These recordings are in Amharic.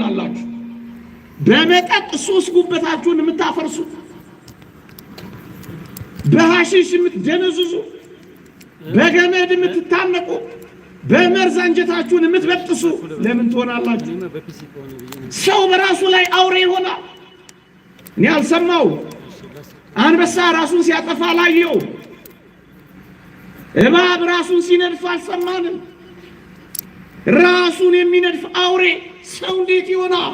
ትሆናላችሁ። በመጠጥ ሶስት ጉበታችሁን የምታፈርሱ በሐሺሽ የምትደነዝዙ፣ በገመድ የምትታነቁ፣ በመርዝ አንጀታችሁን የምትበጥሱ ለምን ትሆናላችሁ? ሰው በራሱ ላይ አውሬ ይሆናል። እኔ አልሰማው አንበሳ ራሱን ሲያጠፋ ላየው። እባብ ራሱን ሲነድፍ አልሰማንም። ራሱን የሚነድፍ አውሬ ሰው እንዴት ይሆናል?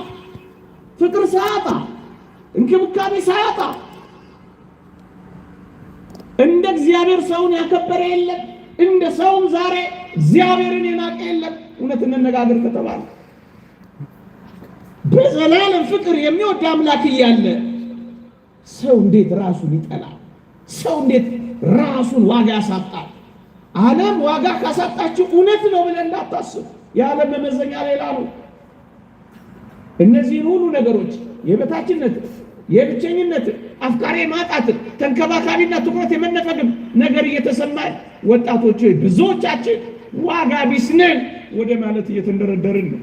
ፍቅር ሳያጣ እንክብካቤ ሳያጣ እንደ እግዚአብሔር ሰውን ያከበረ የለም። እንደ ሰውም ዛሬ እግዚአብሔርን የናቀ የለም። እውነት እንነጋገር ከተባለ በዘላለም ፍቅር የሚወድ አምላክ እያለ ሰው እንዴት ራሱን ይጠላል? ሰው እንዴት ራሱን ዋጋ ያሳጣል? ዓለም ዋጋ ካሳጣችሁ እውነት ነው ብለን እንዳታስቡ። የዓለም መመዘኛ ሌላ ነው። እነዚህን ሁሉ ነገሮች የበታችነት፣ የብቸኝነት፣ አፍቃሪ ማጣት፣ ተንከባካቢና ትኩረት የመነፈግም ነገር እየተሰማ ወጣቶች ብዙዎቻችን ዋጋ ቢስነን ወደ ማለት እየተንደረደርን ነው።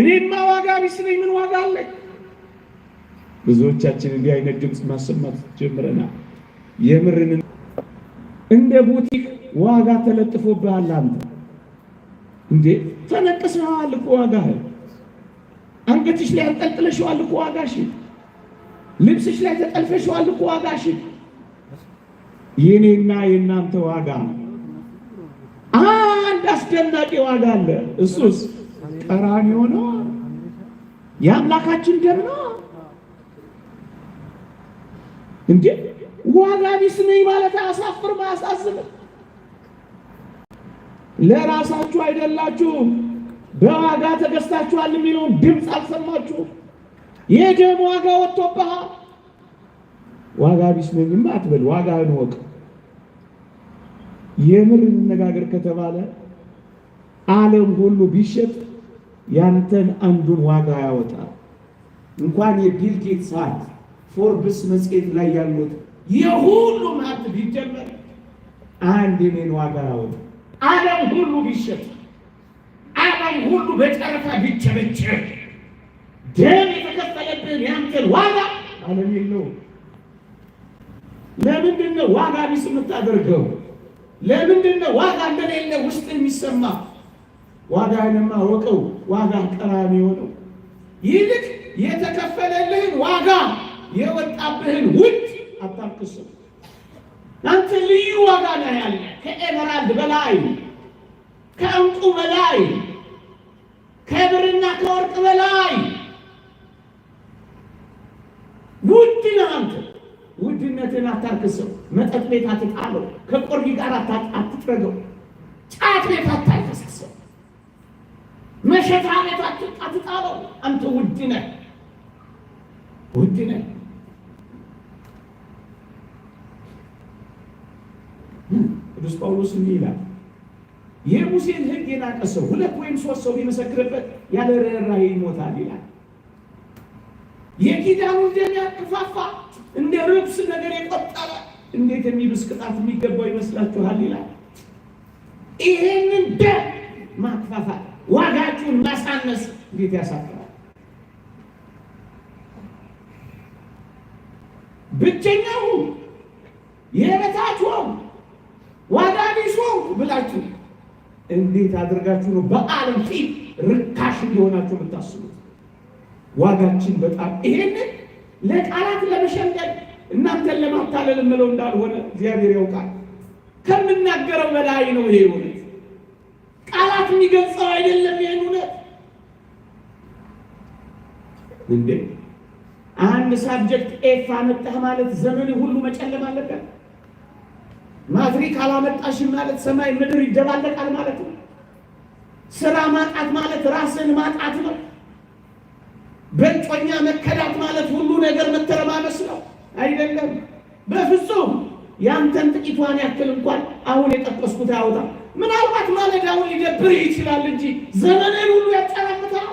እኔማ ዋጋ ቢስ ምን ዋጋ አለኝ? ብዙዎቻችን እንዲህ አይነት ድምፅ ማሰማት ጀምረናል። የምርን እንደ ቡቲክ ዋጋ ተለጥፎብሃል። አንተ እንዴ ተነቅሰሃል እኮ ዋጋ አንገትሽ ላይ አንጠልጥለሽዋል እኮ ዋጋሽ። ልብስሽ ላይ ተጠልፈሽዋል እኮ ዋጋሽ። የኔና የእናንተ ዋጋ አንድ አስደናቂ ዋጋ አለ። እሱስ ቀራንዮ ነው። የአምላካችን ደም ነው። እንዴ ዋጋ ቢስ ነኝ ማለት አያሳፍርም? አያሳዝንም? ለራሳችሁ አይደላችሁም፣ በዋጋ ተገዝታችኋል የሚለውን ድምፅ አልሰማችሁም። ይህ ዋጋ ወጥቶብሃል። ዋጋ ቢስ ነኝማ አትበል፣ ዋጋ እወቅ። የምር እንነጋገር ከተባለ ዓለም ሁሉ ቢሸጥ ያንተን አንዱን ዋጋ ያወጣል። እንኳን የቢል ጌትስ ሀብት ፎርብስ መጽሔት ላይ ያሉት የሁሉም ሀብት ቢጀመር አንድ የኔን ዋጋ ያወጣ ዓለም ሁሉ ቢሸጥ፣ ዓለም ሁሉ በጨረታ ቢቸበቸብ፣ ደም የተከፈለብህን ያንተን ዋጋ ዓለም የለውም። ለምንድን ነው ዋጋ ቢስ የምታደርገው? ለምንድን ነው ዋጋ እንደሌለ ውስጥ የሚሰማ ዋጋን የማወቀው ዋጋ ቀራሚ የሆነው ይልቅ የተከፈለልህን ዋጋ የወጣብህን ውድ አታርክስም። አንተ ልዩ ዋጋ ነው ያለ ከኤመራልድ በላይ ከእንቁ በላይ ከብርና ከወርቅ በላይ ውድ ነህ አንተ። ውድነትን አታርክሰው። መጠጥ ቤት አትጣለው። ከቆርጊ ጋር አትጥረገው። ጫት ቤት አታይፈሰሰው። መሸታ ቤት አትጣለው። አንተ ውድ ነህ፣ ውድ ነህ። ቅዱስ ጳውሎስ እንዲህ ይላል የሙሴን ሕግ የናቀ ሰው ሁለት ወይም ሶስት ሰው ቢመሰክርበት ያለ ርኅራኄ ይሞታል ይላል። የኪዳኑን ደም ያከፋፋ እንደ ርኩስ ነገር የቆጠረ እንዴት የሚብስ ቅጣት የሚገባው ይመስላችኋል? ይላል። ይሄንን ደም ማክፋፋት፣ ዋጋችሁን ማሳነስ እንዴት ያሳፍራል! ብቸኛው የበታችሁም ዋጋ ቢሱ ብላችሁ እንዴት አድርጋችሁ ነው በዓለም ፊት ርካሽ እንዲሆናችሁ የምታስቡት? ዋጋችን በጣም ይሄንን ለቃላት ለመሸንገል እናንተን ለማታለል የምለው እንዳልሆነ እግዚአብሔር ያውቃል። ከምናገረው በላይ ነው ይሄ እውነት። ቃላት የሚገልጸው አይደለም። ይህን እውነት እንዴ አንድ ሳብጀክት ኤፍ አመጣህ ማለት ዘመን ሁሉ መጨለም አለበት። ማትሪክ አላመጣሽም ማለት ሰማይ ምድር ይደባለቃል ማለት ነው። ስራ ማጣት ማለት ራስን ማጣት ነው። በእጮኛ መከዳት ማለት ሁሉ ነገር መተረማመስ ነው። አይደለም፣ በፍጹም ያንተን ጥቂቷን ያክል እንኳን አሁን የጠቀስኩት አውጣ። ምናልባት ማለዳውን ሊደብር ይችላል እንጂ ዘመንን ሁሉ ያጨራምታል።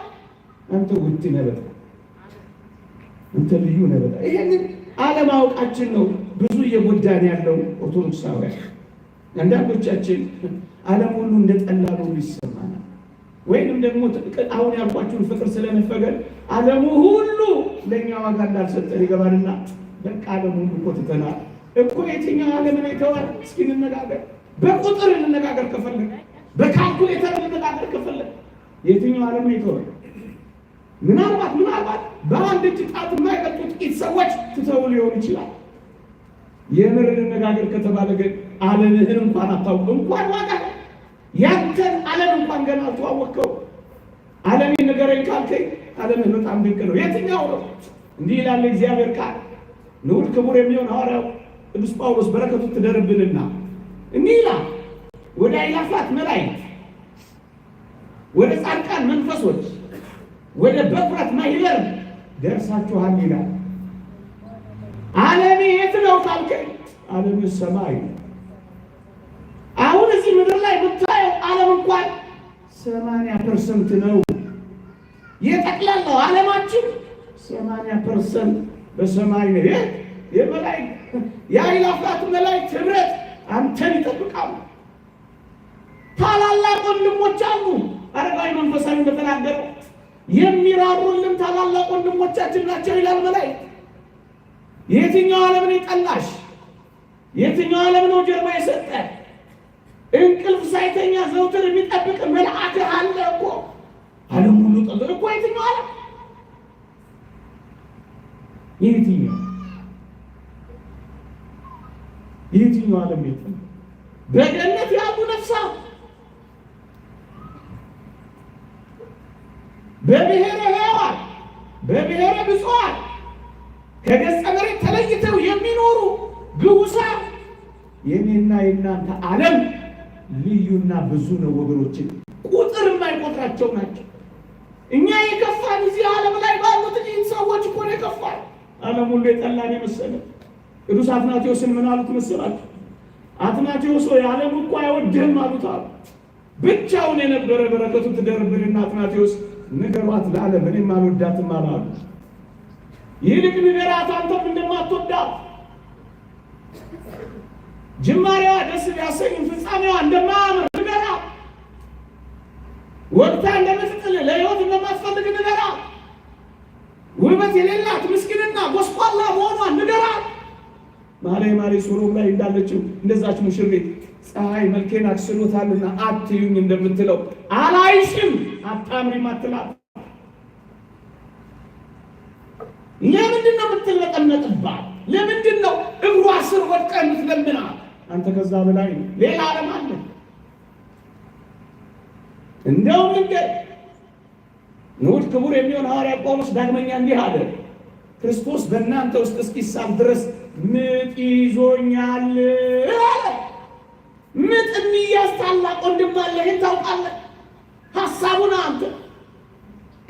አንተ ውድ ነበጣ፣ አንተ ልዩ ነበጣ። ይህንን አለማወቃችን ነው እየጎዳን ያለው ኦርቶዶክሳውያን አንዳንዶቻችን ዓለም ሁሉ እንደ ጠላ ነው ይሰማናል። ወይንም ደግሞ አሁን ያልኳችሁን ፍቅር ስለመፈገድ ዓለሙ ሁሉ ለእኛ ዋጋ እንዳልሰጠን ይገባልና በቃ ዓለም ሁሉ እኮ ትተናል እኮ። የትኛው ዓለም አይተዋል እስኪ እንነጋገር። በቁጥር እንነጋገር ከፈለግ፣ በካልኩሌተር እንነጋገር ከፈለግ፣ የትኛው ዓለም ነው ምናልባት ምናልባት በአንድ እጅ ጣት የማይቀጡ ጥቂት ሰዎች ትተው ሊሆን ይችላል። የምር እንነጋገር ከተባለ ግን አለምህን እንኳን አታውቅ እንኳን ዋጋ ያንተን አለም እንኳን ገና አልተዋወቅከው። አለም ንገረኝ ካልከኝ አለምህ በጣም ድንቅ ነው። የትኛው ነው? እንዲህ ይላል እግዚአብሔር ቃል ንዑድ ክቡር የሚሆን ሐዋርያው ቅዱስ ጳውሎስ በረከቱ ትደርብንና እንዲህ ይላል ወደ አእላፋት መላእክት፣ ወደ ጻድቃን መንፈሶች፣ ወደ በኩራት ማኅበር ደርሳችኋል ይላል። ዓለም የት ነው ካልከኝ ዓለም ሰማይ አሁን እዚህ ምድር ላይ ብታየው ዓለም እንኳን ሰማንያ ፐርሰንት ነው የጠቅላላው ዓለማችን ሰማንያ ፐርሰንት በሰማይ ነው። የበላይ የአእላፋት መላእክት ኅብረት አንተን ይጠብቃሉ። ታላላቅ ወንድሞች አሉ። አረጋዊ መንፈሳዊ እንደተናገረው የሚራሩልን ታላላቅ ወንድሞቻችን ናቸው ይላል መላእክት የትኛው ዓለም ነው የጠላሽ? የትኛው ዓለም ነው ጀርባ የሰጠ? እንቅልፍ ሳይተኛ ዘውትር የሚጠብቅ መልአክ አለ እኮ። ዓለም ሁሉ ጠል እኮ የትኛው ዓለም የትኛው የትኛው ዓለም የት በገነት ያሉ ነፍሳት በብሔረ ሕያዋን በብሔረ ብፁዓን ከገጸ ንጉሳት የኔና የእናንተ ዓለም ልዩና ብዙ ነው ወገኖችን ቁጥር የማይቆጥራቸው ናቸው። እኛ የከፋን እዚህ ዓለም ላይ ባሉት ይህን ሰዎች እኮ ነው የከፋን። ዓለም ሁሉ የጠላን የመሰለ ቅዱስ አትናቴዎስን ምን አሉት መሰላችሁ? አትናቴዎስ ሆይ ዓለም እኮ አይወድህም አሉት አሉ። ብቻውን የነበረ በረከቱ ትደርብንና አትናቴዎስ ንገሯት ለዓለም እኔም አልወዳትም አሉ። ይልቅ ንገራት አንተም እንደማትወዳት ጅማሬዋ ደስ ቢያሰኝም ፍጻሜዋ እንደማያምር ንገራ። ወቅታ እንደምትጥል ለሕይወት እንደማትፈልግ ንገራ። ውበት የሌላት ምስኪንና ጎስቋላ መሆኗ ንገራ። ማሬ ማሬ ሱሩም ላይ እንዳለችው እንደዛች ሙሽሪት ፀሐይ መልኬን አክስሎታልና አትዩኝ እንደምትለው አላይሽም አታምሪም አትላት። ለምንድን ነው የምትለጠነጥባት? ለምንድን ነው አስር ወድቀ የምትለምናል አንተ ከዛ በላይ ሌላ ዓለም አለ። እንደውም እንደ ንዑድ ክቡር የሚሆን ሐዋርያ ጳውሎስ ዳግመኛ እንዲህ አለ፣ ክርስቶስ በእናንተ ውስጥ እስኪሳብ ድረስ ምጥ ይዞኛል። ምጥ የሚያዝ ታላቅ ወንድም አለ። ይህን ታውቃለህ? ሀሳቡን አንተ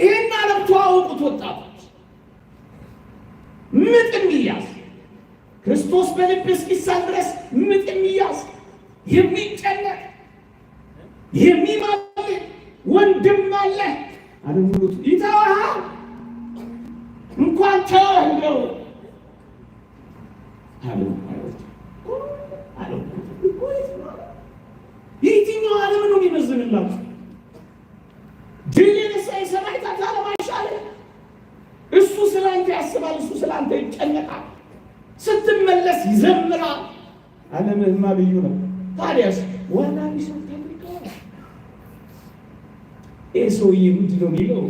ይህን ዓለም ተዋውቁት ወጣቶች፣ ምጥ የሚያዝ ክርስቶስ በልብ እስኪሳል ድረስ ምጥ የሚያዝ የሚጨነቅ የሚማል ወንድም አለ አለሙሉት ይተዋሃል እንኳን ተዋህለው የትኛው ዓለም ነው የሚመዝንላት? ድል የነሳ የሰማዕታት ዓለም አይሻልም? እሱ ስለ አንተ ያስባል። እሱ ስለ አንተ ይጨነቃል። ስትመለስ ይዘምራል። ዓለምህማ ልዩ ነው። ታዲያስ ዋና ቢሰ ይህ ሰውዬ ምንድን ነው የሚለው?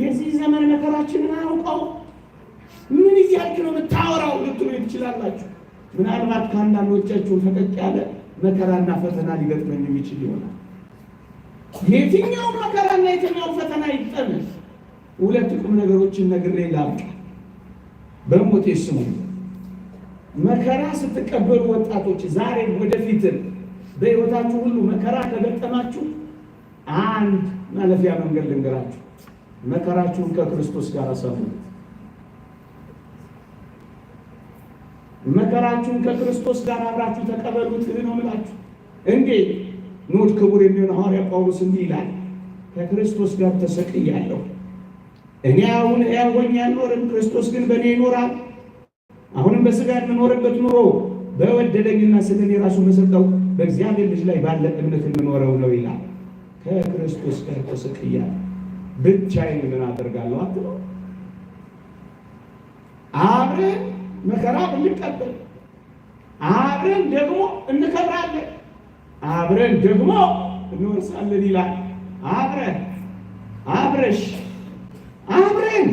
የዚህ ዘመን መከራችንን አውቀው ምን እያልክ ነው የምታወራው ልትሉ ትችላላችሁ። ምናልባት ከአንዳንዶቻችሁ ፈቀቅ ያለ መከራና ፈተና ሊገጥመን የሚችል ይሆናል። የትኛው መከራና የትኛው ፈተና ይጠመስ? ሁለት ቁም ነገሮችን ነግሬ ላብቃ በሞቴ ስሙ መከራ ስትቀበሉ ወጣቶች፣ ዛሬም ወደፊትም በሕይወታችሁ ሁሉ መከራ ከገጠማችሁ አንድ ማለፊያ መንገድ ልንገራችሁ። መከራችሁን ከክርስቶስ ጋር ሰሙ። መከራችሁን ከክርስቶስ ጋር አብራችሁ ተቀበሉት ነው የምላችሁ። እንዴት ኖት? ክቡር የሚሆን ሐዋርያ ጳውሎስ እንዲህ ይላል፣ ከክርስቶስ ጋር ተሰቅያለሁ። እኔ አሁን ሕያው ሆኜ ክርስቶስ ግን በእኔ ይኖራል አሁንም በስጋ የምኖርበት ኑሮ በወደደኝና ስለኔ የራሱ ራሱ በሰጠው በእግዚአብሔር ልጅ ላይ ባለ እምነት የምኖረው ነው ይላል። ከክርስቶስ ጋር ተሰቅያ ብቻዬን ምን አደርጋለሁ አትለው። አብረን መከራ እንቀበል፣ አብረን ደግሞ እንከብራለን፣ አብረን ደግሞ እንወርሳለን ይላል። አብረን አብረሽ አብረን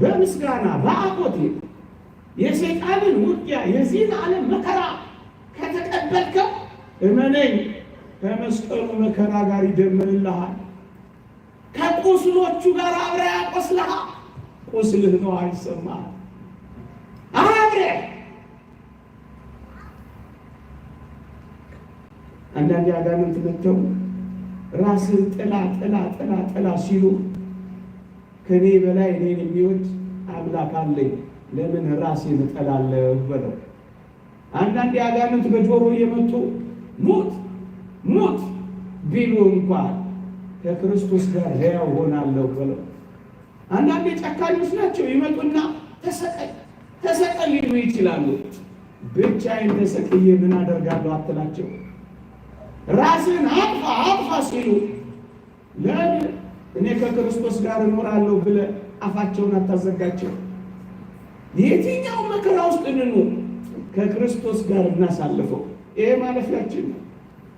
በምስጋና በአቆቴ የሰይጣንን ውጊያ የዚህን ዓለም መከራ ከተቀበልከው እመነኝ ከመስቀሉ መከራ ጋር ይደምርልሃል። ከቁስሎቹ ጋር አብረ ያቆስልሃል። ቁስልህ ነው አይሰማህ አብረ አንዳንድ አጋንንት መጥተው ራስህ ጥላ ጥላ ጥላ ጥላ ሲሉ ከኔ በላይ እኔን የሚወድ አምላክ አለኝ፣ ለምን ራሴን እጠላለሁ በለው። አንዳንድ አጋንንት በጆሮ እየመጡ ሞት ሞት ቢሉ እንኳ ከክርስቶስ ጋር ሕያው ሆናለሁ በለው። አንዳንድ ጨካኞች ናቸው። ይመጡና ተሰቀል ተሰቀል ሊሉ ይችላሉ። ብቻዬን ተሰቅዬ ምን አደርጋለሁ አትላቸው። ራስን አጥፋ አጥፋ ሲሉ ለምን እኔ ከክርስቶስ ጋር እኖራለሁ ብለ አፋቸውን አታዘጋቸው። የትኛው መከራ ውስጥ እንኑር ከክርስቶስ ጋር እናሳልፈው። ይሄ ማለፊያችን ነው።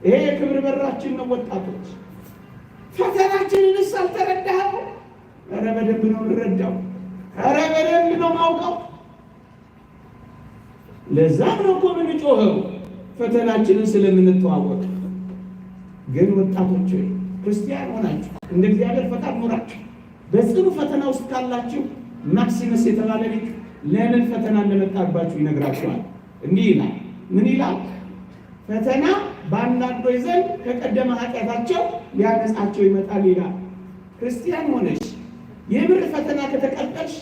ይሄ የክብር በራችን ነው። ወጣቶች ፈተናችንን አልተረዳኸው? ኧረ በደንብ ነው እንረዳው። ኧረ በደንብ ነው ማውቀው። ለዛም ነው እኮ ምን ጮኸው ፈተናችንን ስለምንተዋወቅ። ግን ወጣቶች ወይ ክርስቲያን ሆናችሁ እንደ እግዚአብሔር ፈቃድ ኖራችሁ በጽኑ ፈተና ውስጥ ካላችሁ ማክሲመስ የተባለ ሊቅ ለምን ፈተና እንደመጣባችሁ ይነግራችኋል። እንዲህ ይላል። ምን ይላል? ፈተና በአንዳንዶች ዘንድ ከቀደመ ኃጢአታቸው ሊያነጻቸው ይመጣል ይላል። ክርስቲያን ሆነሽ የምር ፈተና ከተቀጠልሽ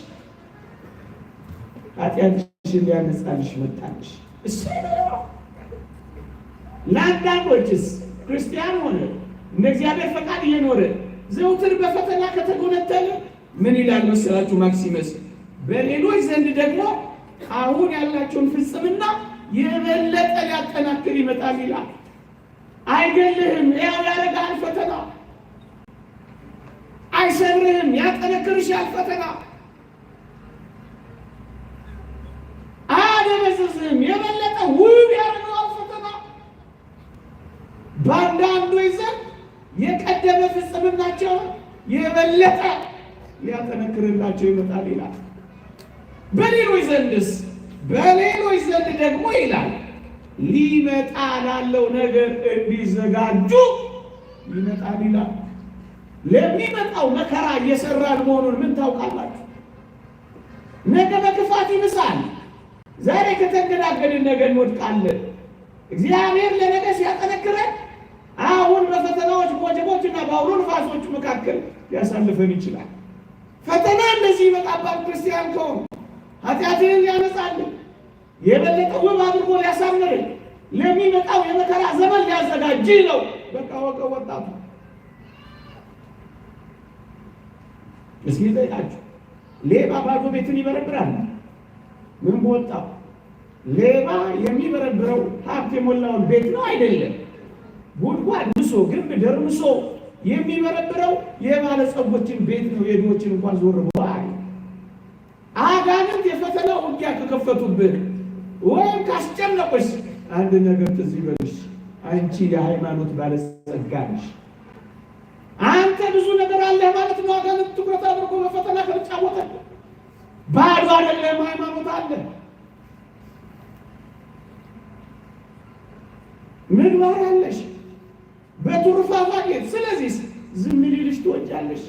ኃጢአትሽን ሊያነጻልሽ መጣልሽ። እሱ ለአንዳንዶችስ ክርስቲያን ሆነ እንደ እግዚአብሔር ፈቃድ እየኖረ ዘውትር በፈተና ከተጎነተለ ምን ይላል መሰላችሁ ማክሲመስ? በሌሎች ዘንድ ደግሞ አሁን ያላቸውን ፍጽምና የበለጠ ሊያጠናክር ይመጣል ይላል። አይገልህም፣ ያው ያረጋል ፈተና። አይሰብርህም፣ ያጠነክርሻል ፈተና። አያደበዝዝህም፣ የበለጠ ውብ ያደርገዋል ፈተና የቀደመ ፍጽምናቸው የበለጠ ሊያጠነክርላቸው ይመጣል ይላል። በሌሎች ዘንድስ በሌሎች ዘንድ ደግሞ ይላል ሊመጣ ላለው ነገር እንዲዘጋጁ ይመጣል ይላል። ለሚመጣው መከራ እየሰራን መሆኑን ምን ታውቃላችሁ? ነገ በክፋት ይብሳል። ዛሬ ከተንገዳገድን ነገ እንወድቃለን። እግዚአብሔር ለነገ ሲያጠነክረን አሁን በፈተናዎች በወጀቦች እና በአውሎ ንፋሶች መካከል ሊያሳልፈን ይችላል። ፈተና እንደዚህ ይመጣባል። ክርስቲያን ከሆኑ ኃጢአትህን ሊያነጻልን የበለጠ ውብ አድርጎ ሊያሳምርን ለሚመጣው የመከራ ዘመን ሊያዘጋጅ ነው። በቃ ወቀ ወጣቱ እስኪ ጠይቃችሁ ሌባ ባዶ ቤትን ይበረብራል። ምን በወጣው ሌባ የሚበረብረው ሀብት የሞላውን ቤት ነው አይደለም ጉድጓድ ምሶ ግንብ ደርምሶ የሚበረብረው የባለጸጎችን ቤት ነው። የድሆችን እንኳን ዞር ብሏል። አጋንንት የፈተና ውጊያ ከከፈቱብህ ወይም ካስጨነቆች አንድ ነገር ትዝ ይበልሽ። አንቺ የሃይማኖት ባለጸጋ ነሽ። አንተ ብዙ ነገር አለህ ማለት ነው። አጋንንት ትኩረት አድርጎ በፈተና ከተጫወተ ባዶ አይደለም፣ ሃይማኖት አለ። ምግባር አለሽ በቱርፋፋ ስለዚህ ዝም ሊልሽ ትወጃለሽ።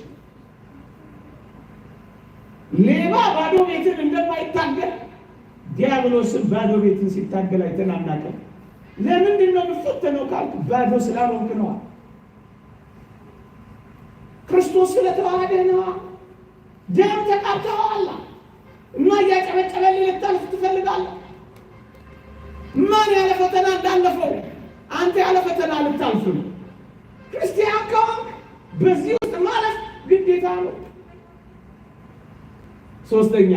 ሌባ ባዶ ቤትን እንደማይታገል ዲያብሎስን ባዶ ቤትን ሲታገል አይተን አናውቅም። ለምንድን ነው የምትፈተነው ባዶ ስላልሆንክ ነዋ። ክርስቶስ ስለተዋሃደ ነዋ። ደም ተቃብተዋላ እና እያጨበጨበል ልታልፍ ትፈልጋለህ። ማን ያለ ፈተና እንዳለፈው አንተ ያለ ፈተና ልታልፍ ነው። ክርስቲያን ከሆንክ በዚህ ውስጥ ማለት ግዴታ ነው። ሶስተኛ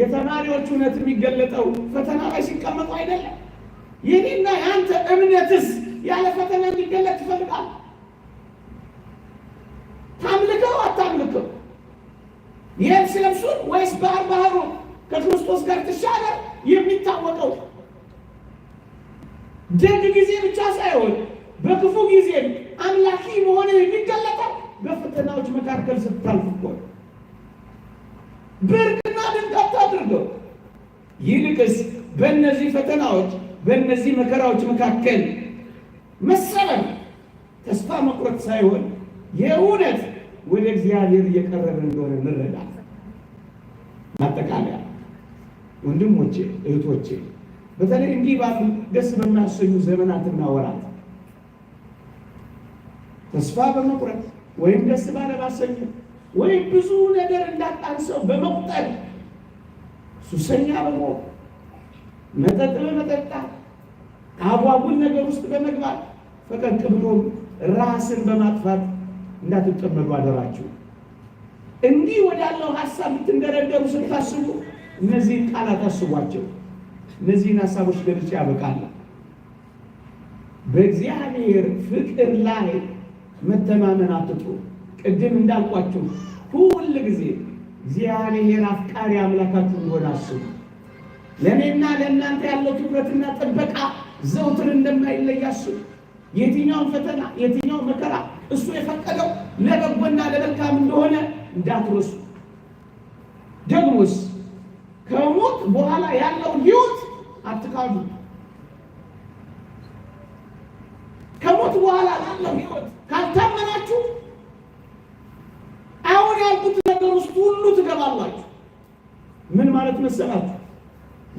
የተማሪዎች እውነት የሚገለጠው ፈተና ላይ ሲቀመጡ አይደለም። የኔና የአንተ እምነትስ ያለ ፈተና እንዲገለጥ ይፈልጋል። ታምልከው አታምልከው፣ የብስ ልብሱን ወይስ ባህር ባህሩ ከክርስቶስ ጋር ትሻገር የሚታወቀው ደግ ጊዜ ብቻ ሳይሆን በክፉ ጊዜ አምላኪ መሆነ የሚገለጠው በፈተናዎች መካከል ስታልፍ እኮ ነው። ብርቅና ድንቅ አታድርገው። ይልቅስ በእነዚህ ፈተናዎች በእነዚህ መከራዎች መካከል መሰረም ተስፋ መቁረጥ ሳይሆን የእውነት ወደ እግዚአብሔር እየቀረበ እንደሆነ መረዳት። ማጠቃለያ ወንድሞቼ፣ እህቶቼ በተለይ እንዲህ ባሉ ደስ በሚያሰኙ ዘመናትና ወራት ተስፋ በመቁረጥ ወይም ደስ ባለማሰኘት ወይም ብዙ ነገር እንዳጣን ሰው በመቁጠር ሱሰኛ በመሆን መጠጥ በመጠጣት አጓጉል ነገር ውስጥ በመግባት ፈቀቅ ብሎ ራስን በማጥፋት እንዳትጠመዱ አደራችሁ። እንዲህ ወዳለው ሀሳብ ልትንደረደሩ ስታስቡ እነዚህን ቃላት አስቧቸው። እነዚህን ሀሳቦች ገልጬ ያበቃል። በእግዚአብሔር ፍቅር ላይ መተማመን አትጡ። ቅድም እንዳልኳችሁ ሁል ጊዜ እግዚአብሔር አፍቃሪ አምላካችሁ እንደሆነ አስቡ። ለእኔና ለእናንተ ያለው ትኩረትና ጥበቃ ዘውትር እንደማይለይ አስቡ። የትኛውን ፈተና፣ የትኛው መከራ እሱ የፈቀደው ለበጎና ለመልካም እንደሆነ እንዳትረሱ። ደግሞስ ከሞት በኋላ ያለው ህይወት አትካዱ። ከሞት በኋላ ያለው ሕይወት ካልታመናችሁ አሁን ያልኩት ነገር ውስጥ ሁሉ ትገባላችሁ። ምን ማለት መሰላችሁ?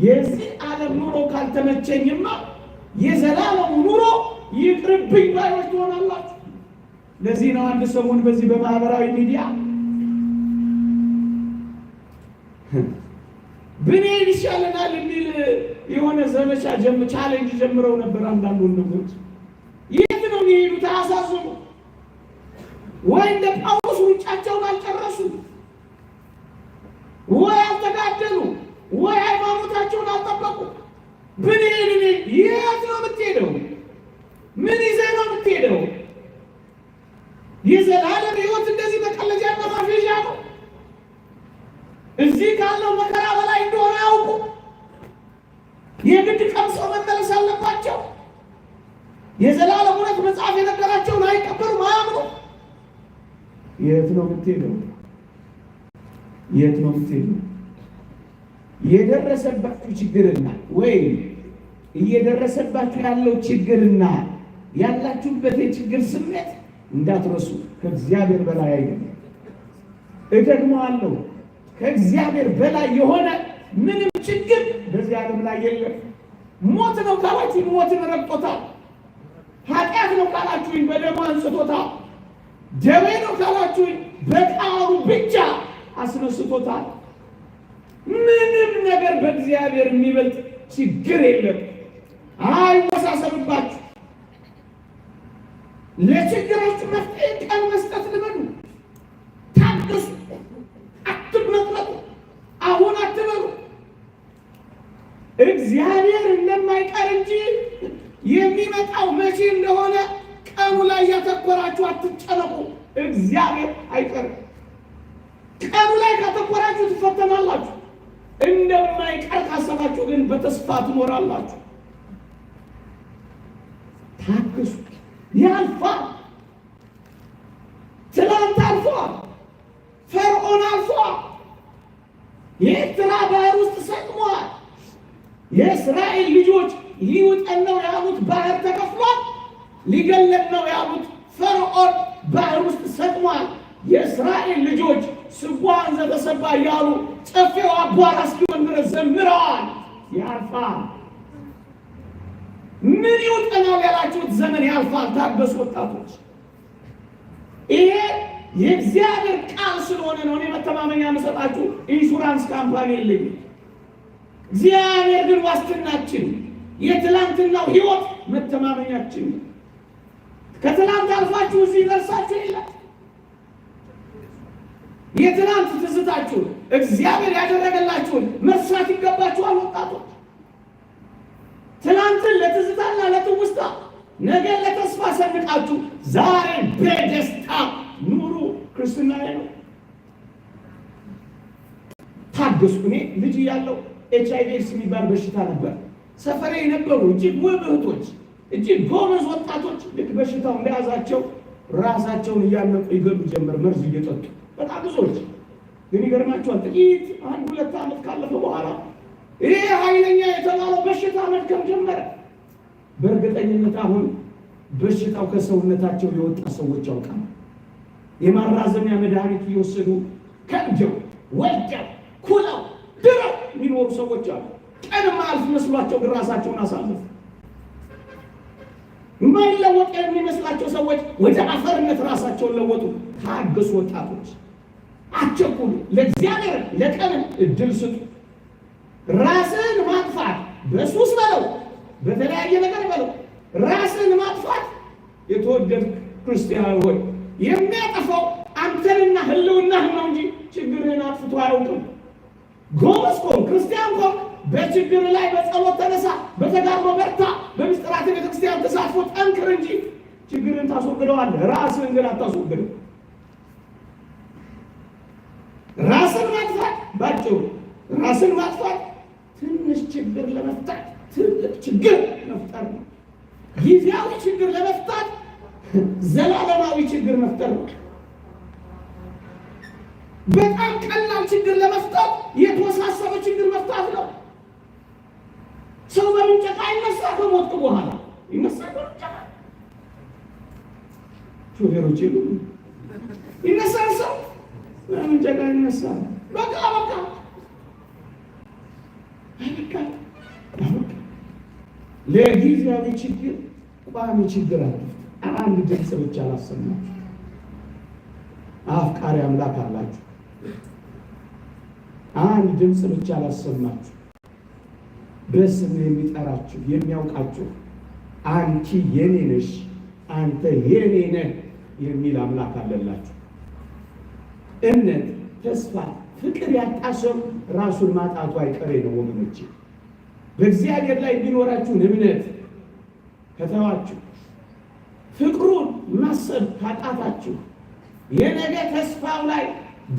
የዚህ ዓለም ኑሮ ካልተመቸኝማ የዘላለም ኑሮ ይቅርብኝ ባዮች ትሆናላችሁ። ለዚህ ነው አንድ ሰሞን በዚህ በማህበራዊ ሚዲያ ብንሄድ ይሻለናል የሚል የሆነ ዘመቻ ቻሌንጅ ጀምረው ነበር አንዳንድ ወንድሞች ወይ እንደ ጳውሎስ ሩጫቸውን አልጨረሱ፣ ወይ አልተጋደሉ፣ ወይ ሃይማኖታቸውን አልጠበቁ። ብንሄድ የት ነው የምትሄደው? ምን ይዘህ ነው የምትሄደው? የዘላለም ህይወት እንደዚህ መቀለጃ ማፌዣ ነው። እዚህ ካለው መከራ በላይ እንደሆነ ያውቁ። የግድ ቀምሰው መመለስ አለባቸው። የዘላለም እውነት መጽሐፍ የነገራቸውን አይቀበሉም፣ አያምኑም። የት ነው የምትሄደው? የት ነው የምትሄደው? የደረሰባችሁ ችግርና ወይም እየደረሰባችሁ ያለው ችግርና ያላችሁበት የችግር ስሜት እንዳትረሱ። ከእግዚአብሔር በላይ አይደለም። እደግመዋለሁ፣ ከእግዚአብሔር በላይ የሆነ ምንም ችግር በዚህ ዓለም ላይ የለም። ሞት ነው ካላችሁ ሞትን ረግጦታል። ኃጢአት ነው ካላችሁ በደሙ አንጽቶታል። ደሜ ነው ካላችሁኝ በቃሉ ብቻ አስነስቶታል። ምንም ነገር በእግዚአብሔር የሚበልጥ ችግር የለም። አይወሳሰብባችሁ። ለችግራችሁ መፍትሄ ቃል መስጠት ልመዱ። ታገሱ። አትመጥመጡ። አሁን አትበሉ። እግዚአብሔር እንደማይቀር እንጂ የሚመጣው መቼ እንደሆነ ቀኑ ላይ ያተኮራችሁ አትጨነቁ፣ እግዚአብሔር አይቀርም። ቀኑ ላይ ካተኮራችሁ ትፈተናላችሁ፣ እንደማይቀር ካሰባችሁ ግን በተስፋ ትኖራላችሁ። ታግሱ፣ ያልፋል። ትናንት አልፏል። ፈርዖን አልፏል። የኤርትራ ባህር ውስጥ ሰጥሟል። የእስራኤል ልጆች ሊውጠን ነው ያሉት ባህር ተከፍሏል። ሊገለጥ ነው ያሉት ፈርዖን ባህር ውስጥ ሰጥሟል። የእስራኤል ልጆች ስጓን ዘተሰባ እያሉ ጥፌው አቧራ እስኪሆን ድረስ ዘምረዋል። ያልፋል። ምን ይውጠናል ያላችሁት ዘመን ያልፋል። ታገሱ ወጣቶች፣ ይሄ የእግዚአብሔር ቃል ስለሆነ ነው። እኔ መተማመኛ መሰጣችሁ ኢንሹራንስ ካምፓኒ የለኝም። እግዚአብሔር ግን ዋስትናችን፣ የትላንትናው ህይወት መተማመኛችን ከትናንት አልፋችሁ እዚህ ደርሳችሁ የለም። የትናንት ትዝታችሁን እግዚአብሔር ያደረገላችሁን መስራት ይገባችኋል ወጣቶች። ትናንትን ለትዝታና ለትውስታ ነገ ለተስፋ ሰንቃችሁ ዛሬ በደስታ ኑሩ። ክርስትና ነው። ታገስኩ። እኔ ልጅ ያለው ኤች አይ ቪ ኤድስ የሚባል በሽታ ነበር። ሰፈሬ የነበሩ እጅግ ውብ እህቶች እንጂ ጎበዝ ወጣቶች ልክ በሽታው እንደያዛቸው ራሳቸውን እያነቁ ይገሉ ጀመር፣ መርዝ እየጠጡ በጣም ብዙዎች። ግን ይገርማቸዋል፣ ጥቂት አንድ ሁለት ዓመት ካለፈ በኋላ ይሄ ኃይለኛ የተባለው በሽታ መድከም ጀመረ። በእርግጠኝነት አሁን በሽታው ከሰውነታቸው የወጣ ሰዎች ያውቃል። የማራዘሚያ መድኃኒት እየወሰዱ ከእንጀው ወልደው ኩለው ድረው የሚኖሩ ሰዎች አሉ። ቀን ማልፍ መስሏቸው ግን ራሳቸውን አሳለፉ። መለወጥ የሚመስላቸው ሰዎች ወደ አፈርነት ራሳቸውን ለወጡ። ታገሱ ወጣቶች፣ አትቸኩሉ። ለእግዚአብሔር ለቀን እድል ስጡ። ራስን ማጥፋት በሱስ በለው በተለያየ ነገር በለው ራስን ማጥፋት የተወደድ ክርስቲያን ሆይ የሚያጠፋው አንተንና ህልውናህን ነው እንጂ ችግርህን አጥፍቶ አያውቅም። ጎበዝ ኮን ክርስቲያን ኮን በችግር ላይ በጸሎት ተነሳ፣ በተጋሮ በርታ፣ በምስጢራት ቤተክርስቲያን ተሳትፎ ጠንክር እንጂ ችግርን ታስወግደዋለህ። ራስን ግን አታስወግደው። ራስን ማጥፋት ባጭሩ ራስን ማጥፋት ትንሽ ችግር ለመፍታት ትልቅ ችግር መፍጠር ነው። ጊዜያዊ ችግር ለመፍታት ዘላለማዊ ችግር መፍጠር ነው። በጣም ቀላል ችግር ለመፍታት የተወሳሰበ ችግር መፍታት ነው። ሰው በምንጨቃ አይነሳ ከሞትኩ በኋላ ይነሳ በምንጨቃ ሾፌሮች ይሉ ይነሳል። ሰው በምንጨቃ ይነሳል። በቃ በቃ በቃ ለጊዜያዊ ችግር ቋሚ ችግር አለ። አንድ ድምፅ ብቻ አላሰማችሁ። አፍቃሪ አምላክ አላችሁ። አንድ ድምፅ ብቻ አላሰማችሁ። በስም የሚጠራችሁ የሚያውቃችሁ አንቺ የኔ ነሽ፣ አንተ የኔ ነህ የሚል አምላክ አለላችሁ። እምነት፣ ተስፋ፣ ፍቅር ያጣ ሰው ራሱን ማጣቱ አይቀሬ ነው ወገኖቼ። በእግዚአብሔር ላይ የሚኖራችሁን እምነት ከተዋችሁ፣ ፍቅሩን ማሰብ ካጣታችሁ፣ የነገ ተስፋው ላይ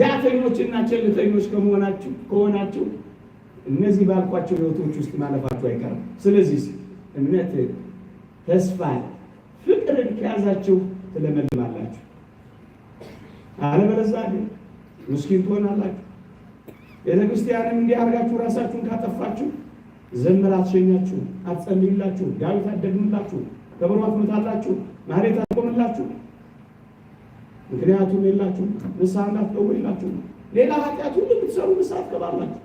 ዳተኞችና ቸልተኞች ከመሆናችሁ ከሆናችሁ እነዚህ ባልኳቸው ህይወቶች ውስጥ ማለፋቸው አይቀርም። ስለዚህ እምነት፣ ተስፋ፣ ፍቅርን ከያዛችሁ ትለመልማላችሁ። አለበለዚያ ግን ምስኪን ትሆናላችሁ። ቤተክርስቲያንም እንዲህ አድርጋችሁ ራሳችሁን ካጠፋችሁ ዘመር አትሸኛችሁ፣ አትጸልዩላችሁ፣ ዳዊት አደግምላችሁ፣ ከበሮ አትመታላችሁ፣ ማህሌት አትቆምላችሁ። ምክንያቱም የላችሁ ንስሐ እንዳትገቡ የላችሁ ሌላ ኃጢአት ሁሉ የምትሰሩ ንስሐ ትገባላችሁ።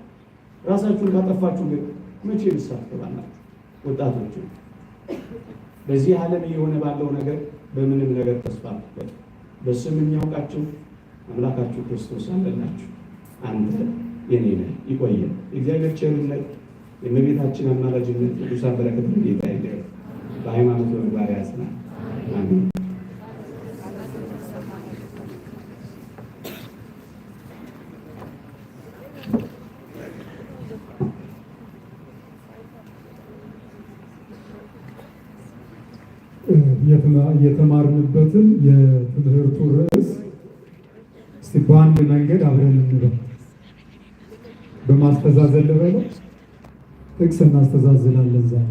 ራሳችሁን ካጠፋችሁ ግን መቼ ንስሐ ትገባላችሁ? ወጣቶች በዚህ ዓለም እየሆነ ባለው ነገር በምንም ነገር ተስፋ አትበል። በስም የሚያውቃችሁ አምላካችሁ ክርስቶስ አለላችሁ። አንተ የኔ ነህ። ይቆየ እግዚአብሔር ቸርነት፣ የእመቤታችን አማላጅነት፣ ቅዱሳን በረከት ጌታ ይደር። በሃይማኖት በምግባር ያጽናል። አሜን። የተማርንበትን የትምህርቱ ርዕስ እስቲ በአንድ መንገድ አብረን እንበል። በማስተዛዘል ልበለው ጥቅስ እናስተዛዝላለን ዛሬ